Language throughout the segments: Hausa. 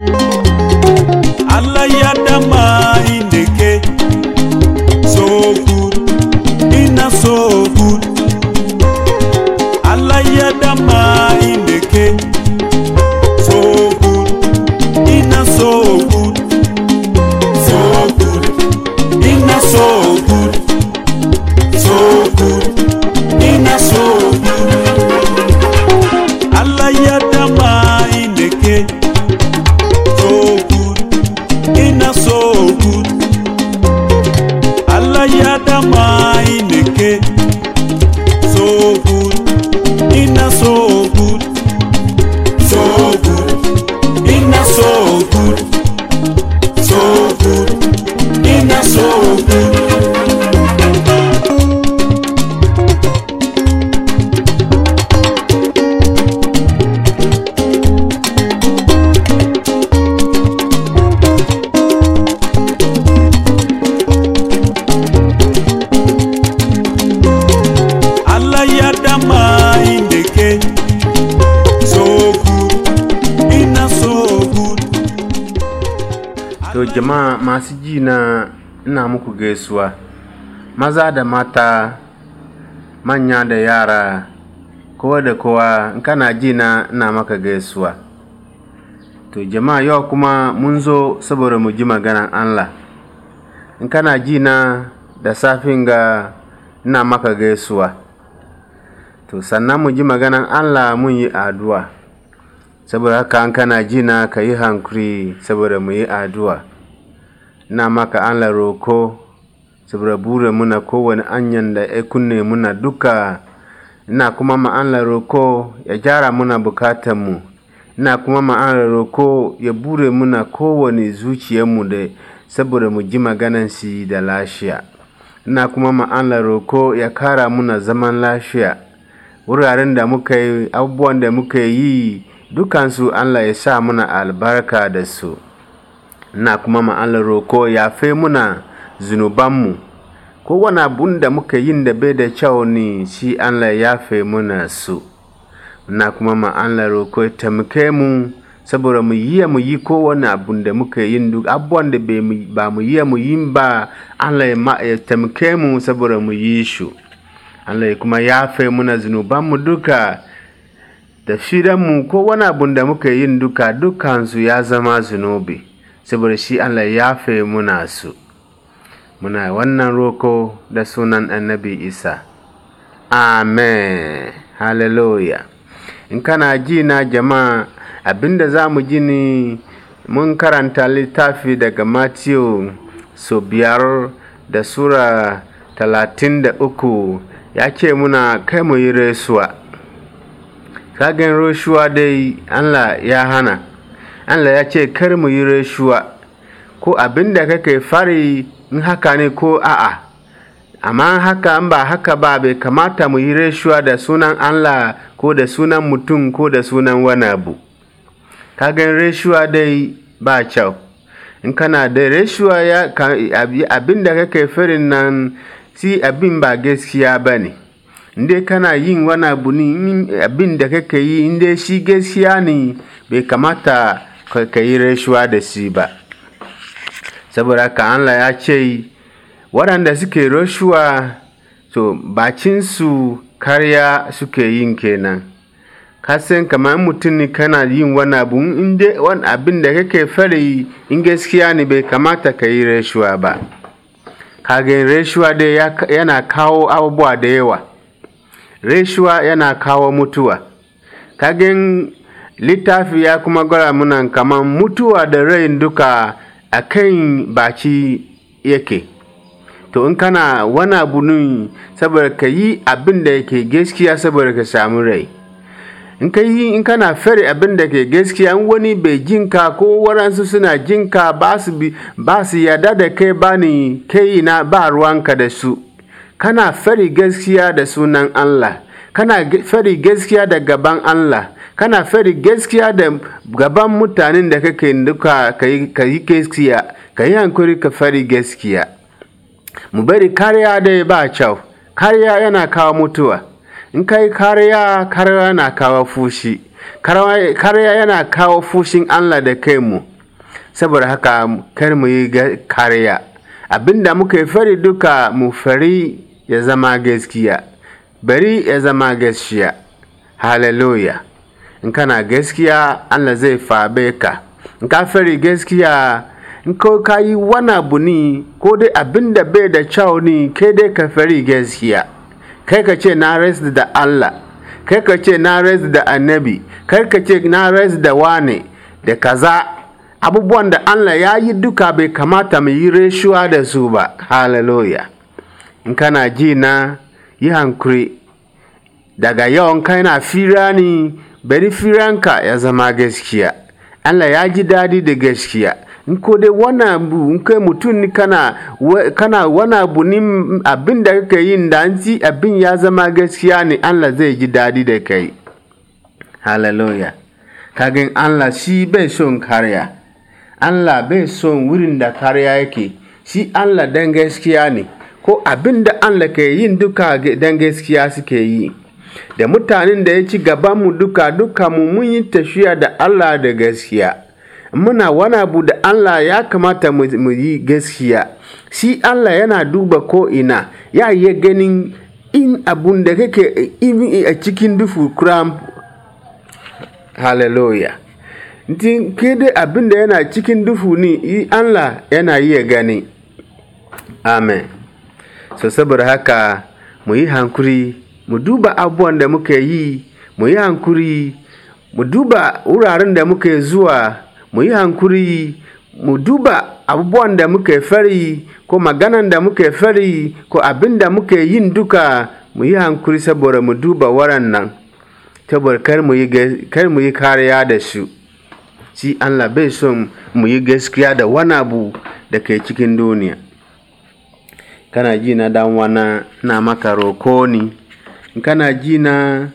you masu ji na ina muku gaisuwa maza da mata manya da yara kowa da kowa in kana ji na ina maka gaisuwa to jama'a yau kuma mun zo saboda mu ji maganan allah in kana ji na da safin ga ina maka gaisuwa to sannan mu ji maganan allah mun yi addu'a saboda haka an kana ji na ka yi hankuri saboda mu yi addu'a na maka Allah roko saboda bura muna kowane anyan da ya e kunne muna duka ina kuma ma Allah roko ya jara muna mu ina kuma ma Allah roko ya bure muna kowane mu da saboda mu ji si da lashiya ina kuma ma Allah roko ya kara muna zaman lashiya wuraren da muka yi abubuwan da muka yi dukansu Allah ya sa muna albarka da su ina kuma ma roko ya fe muna zunubanmu kowane abun da muka yin da bai da kyau ne shi Allah ya fe muna su ina kuma ma roko ya taimake mu saboda mu yi mu yi kowane abun da muka yin duk abubuwan da ba mu yi mu yin ba Allah ya taimake mu saboda mu yi an Allah kuma ya fe muna zunubanmu duka da shidanmu ko wani abun da muka yin duka dukansu ya zama zunubi saboda shi Allah ya fe muna su muna wannan roko da sunan annabi isa amen hallelujah in kana ji na jama'a abinda za mu ji ni mun karanta littafi daga matthew so biyar da sura talatin da uku ya ce muna kai mu yi resuwa kagen roshuwa dai allah ya hana Allah ya ce kar mu yi rashuwa ko abin da kake fari in haka ne ko a'a amma haka an ba haka ba bai kamata mu yi rashuwa da sunan Allah ko da sunan mutum ko da sunan wani abu kagan rashuwa dai ba kyau in kana da rashuwa ya abin da kake farin nan si abin ba gaskiya ba ne inda kana yin wani abu ne abin da kake yi inda shi gaskiya ne bai kamata ka yi rashuwa da shi ba saboda ka Allah ya ce waɗanda suke rashuwa to bacinsu karya suke yin kenan kasan kamar mutum ne kana yin wani abu wani abin da kake yi in gaskiya ne bai kamata ka yi rashuwa ba Kagen rashuwa dai yana kawo abubuwa da yawa rashuwa yana kawo mutuwa kagen littafi ya kuma gwara muna kaman mutuwa da rai duka a kan baci yake to in kana wani abu nun saboda ka yi abin da yake gaskiya saboda ka samu rai in ka yi in kana fere abin da ke gaskiya in wani bai jinka ko waransu suna jinka ba su yada da kai ba ni kai na ba ruwanka da su kana fari gaskiya da sunan Allah kana fari gaskiya da gaban Allah kana fari gaskiya da gaban mutanen da kake duka ka yi gaskiya ka yi hankuri ka fari gaskiya mu bari kariya dai ba kyau kariya yana kawo mutuwa in ka yi kariya kariya yana kawo fushi kariya yana kawo fushin Allah da kai mu saboda haka kar mu yi kariya abinda muka yi fari duka mu fari ya zama gaskiya bari ya zama gaskiya hallelujah in kana gaskiya allah zai fabe ka in ka fari gaskiya in ko ka yi wani abu ni ko dai abin da bai da kyau ni kai dai ka fari gaskiya kai ka ce na rest da allah kai ka ce na rest da annabi kai ka ce na rest da wane da kaza abubuwan da allah ya yi duka bai kamata mu yi reshuwa da su ba hallelujah in kana ji na yi hankuri daga yawan kana fira ne bari firanka ya zama gaskiya allah ya ji daɗi da gaskiya in ko dai wani abu in kai mutum ni kana kana wani abu ni abin da kake yin da an abin ya zama gaskiya ne allah zai ji daɗi da kai hallelujah kaga allah shi bai son karya allah bai son wurin da karya yake shi allah dan gaskiya ne ko abin da Allah ke yin duka don gaskiya suke yi. Da mutanen da ya ci gabanmu duka duka mu mun yi tafiya da Allah da gaskiya. Muna wani abu da Allah ya kamata mu yi gaskiya. Shi Allah yana duba ko ina, ya yi ganin in abun da kake a cikin dufu kuram hallelujah ke dai abin da yana cikin dufu ne Allah yana iya gani amen so saboda haka mu yi hankuri mu duba abubuwan da muka yi mu yi hankuri mu duba wuraren da muka zuwa mu yi hankuri mu duba abubuwan da muka fari ko maganan da muka fari ko abin da muka yin duka mu yi hankuri saboda mu duba warannan saboda kar mu yi kariya da su shi Allah bai son mu yi gaskiya da wani abu da ke cikin duniya kana ji na dan ina maka roko ni kana ji na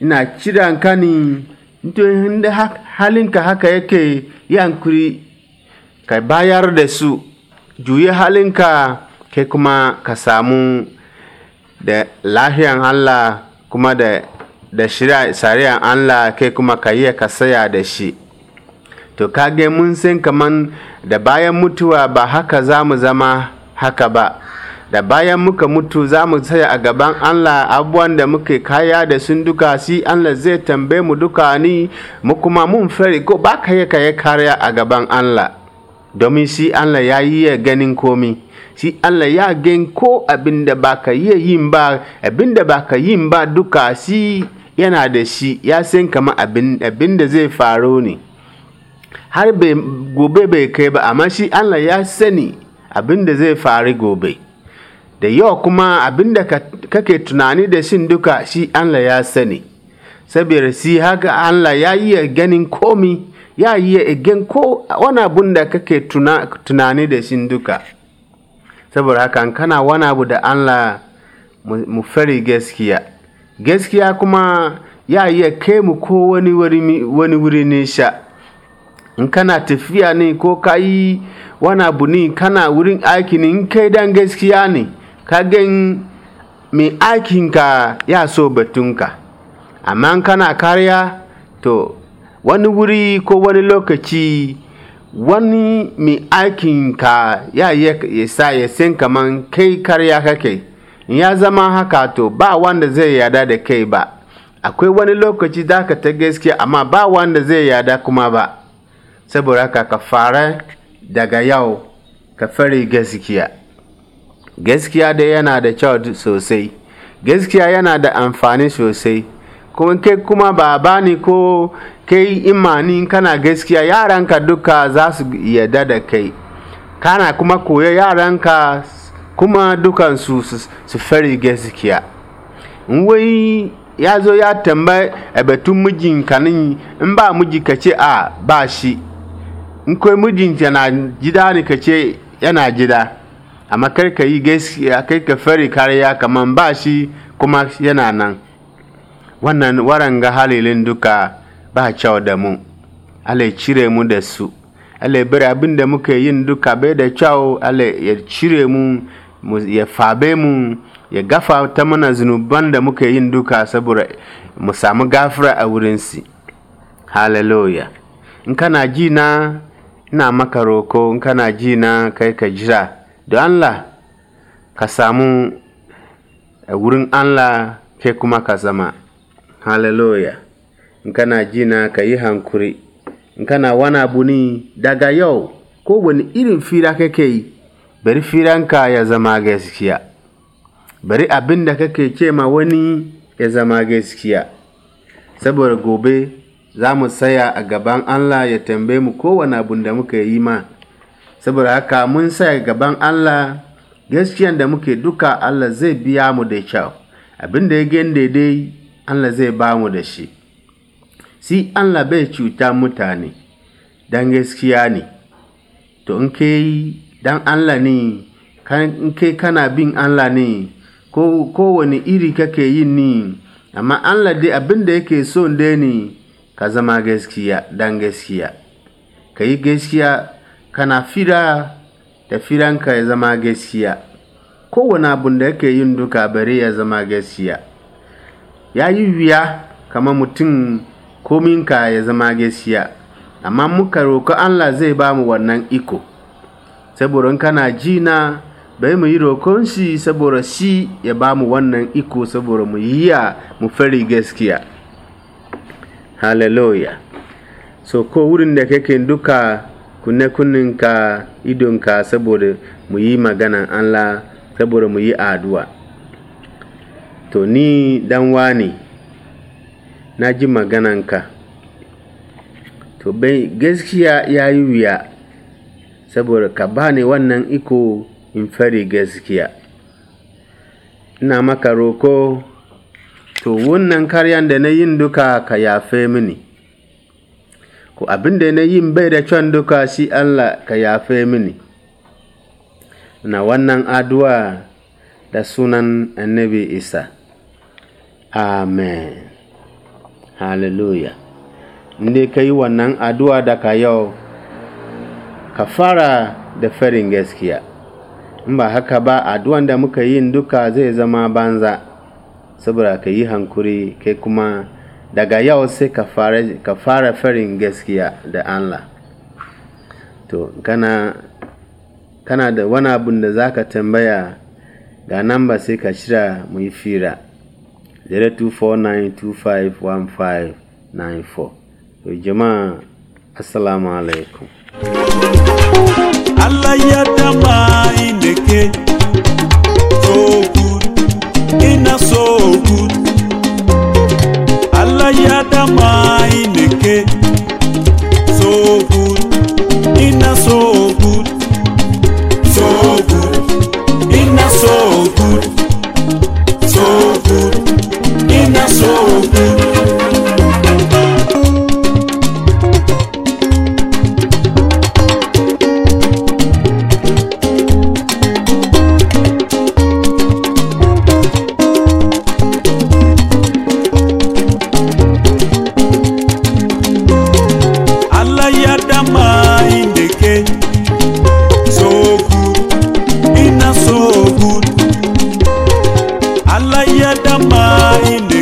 ina cidan ka ni inda halinka haka yake yankuri ka bayar da su juye halinka kai kuma ka samu da lahiyan Allah kuma da da shirya shari'an Allah kai kuma ka yi ka saya da shi to kage mun san kaman da bayan mutuwa ba haka za mu zama haka ba da bayan muka mutu za mu tsaya a gaban Allah abubuwan da muke kaya da sun duka si Allah zai tambaye mu duka ni mu kuma mun fari ko ba ka yi kariya a gaban Allah domin si Allah ya yi ya ganin komi si Allah ya gan ko abin da ba ka yi yin ba abin da ba ka yin ba duka si yana da shi ya san kama abin da zai faru ne har gobe bai kai ba amma shi Allah ya sani abin da zai faru gobe da yau kuma abin da kake tunani da shin duka shi Allah ya sani saboda shi haka Allah ya iya ganin komi ya a igen ko wani abin da kake tunani da shin duka saboda haka kana wani abu da Allah mu fari gaskiya gaskiya kuma ya yi kai mu ko wani wuri nisa in kana tafiya ne ko ka yi wani abu ne kana wurin aiki ne in kai dan gaskiya ne ka gan mai aikinka ya so batunka amma kana kariya to wani wuri ko wani lokaci wani mai aikinka ya ya sa ya san kaman kai kariya kake in ya zama haka to ba wanda zai yada da kai ba akwai wani lokaci da ka ta gaskiya amma ba wanda zai yada kuma ba saboda haka ka fara daga yau ka fari gaskiya gaskiya dai yana da kyau sosai gaskiya yana da amfani sosai kuma kai kuma ba ne ko kai imani kana gaskiya yaranka duka za su yarda da kai kana kuma koya yaranka kuma dukan su su fari gaskiya wai ya zo ya tamba a eh, batun kanin in ba miji ka ce a ah, ba shi in kai mijin na gida ne ka ce yana gida amma kar ka yi gaskiya kai ka fari kariya kamar ba shi kuma yana nan wannan waranga halilin duka ba kyau da mu Allah cire mu da su Allah bari abin da muke yin duka bai da kyau Allah ya cire mu ya fabe mu ya gafa ta mana zunuban da muke yin duka saboda mu samu gafara a wurinsi hallelujah in kana ji na ina maka roko in kana ji na kai ka jira don Allah ka samu wurin Allah ke kuma ka zama hallelujah in kana jina ka yi hankuri in kana wani abu ni daga yau ko wani irin fira kake yi bari firanka ya zama gaskiya bari abin da kake ce ma wani ya zama gaskiya saboda gobe za mu tsaya a gaban Allah ya tambaye mu kowane abin da muka yi ma saboda haka mun sa gaban Allah gaskiyan da muke duka Allah zai biya mu da kyau abin da ya gani daidai Allah zai ba mu da shi si Allah bai cuta mutane dan gaskiya ne to in kai dan Allah ne in kai kana bin Allah ne ko kowane iri kake yin ni amma Allah dai abin da yake so ne ka zama gaskiya dan gaskiya ka yi gaskiya kana fira da firanka ya zama gaskiya kowane abun da yake yin duka bari ya zama gaskiya ya yi wuya kama mutum kominka ya zama gaskiya amma muka roƙi allah zai ba mu wannan iko saboda kana jina bai mu yi roƙon shi saboda shi ya ba mu wannan iko saboda mu yi ya mu fari gaskiya hallelujah so ko wurin da kake duka kunne idon ka saboda mu yi maganan Allah saboda mu yi addu'a to ni dan wani na ji ka to gaskiya ya yi wuya saboda ka bani wannan iko in fari gaskiya ina maka roko to wannan karyan da na yin duka ka yafe mini ko abin da na yin bai da can duka shi Allah ka yafe mini na wannan addu'a da sunan annabi isa amen hallelujah inda ka yi wannan addu'a ka yau ka fara da farin gaskiya in ba haka ba addu'an da muka yin duka zai zama banza saboda ka yi hankuri kai kuma daga yau sai ka fara farin gaskiya da Allah to kana kana da wani abun da za ka tambaya ga nan ba sai ka shira mu yi fira 0249251594 to jama'a assalamu alaikum Allah ya dama ina so ya dama ineke so good ina so good so good ina so good so good ina so good binadamu ini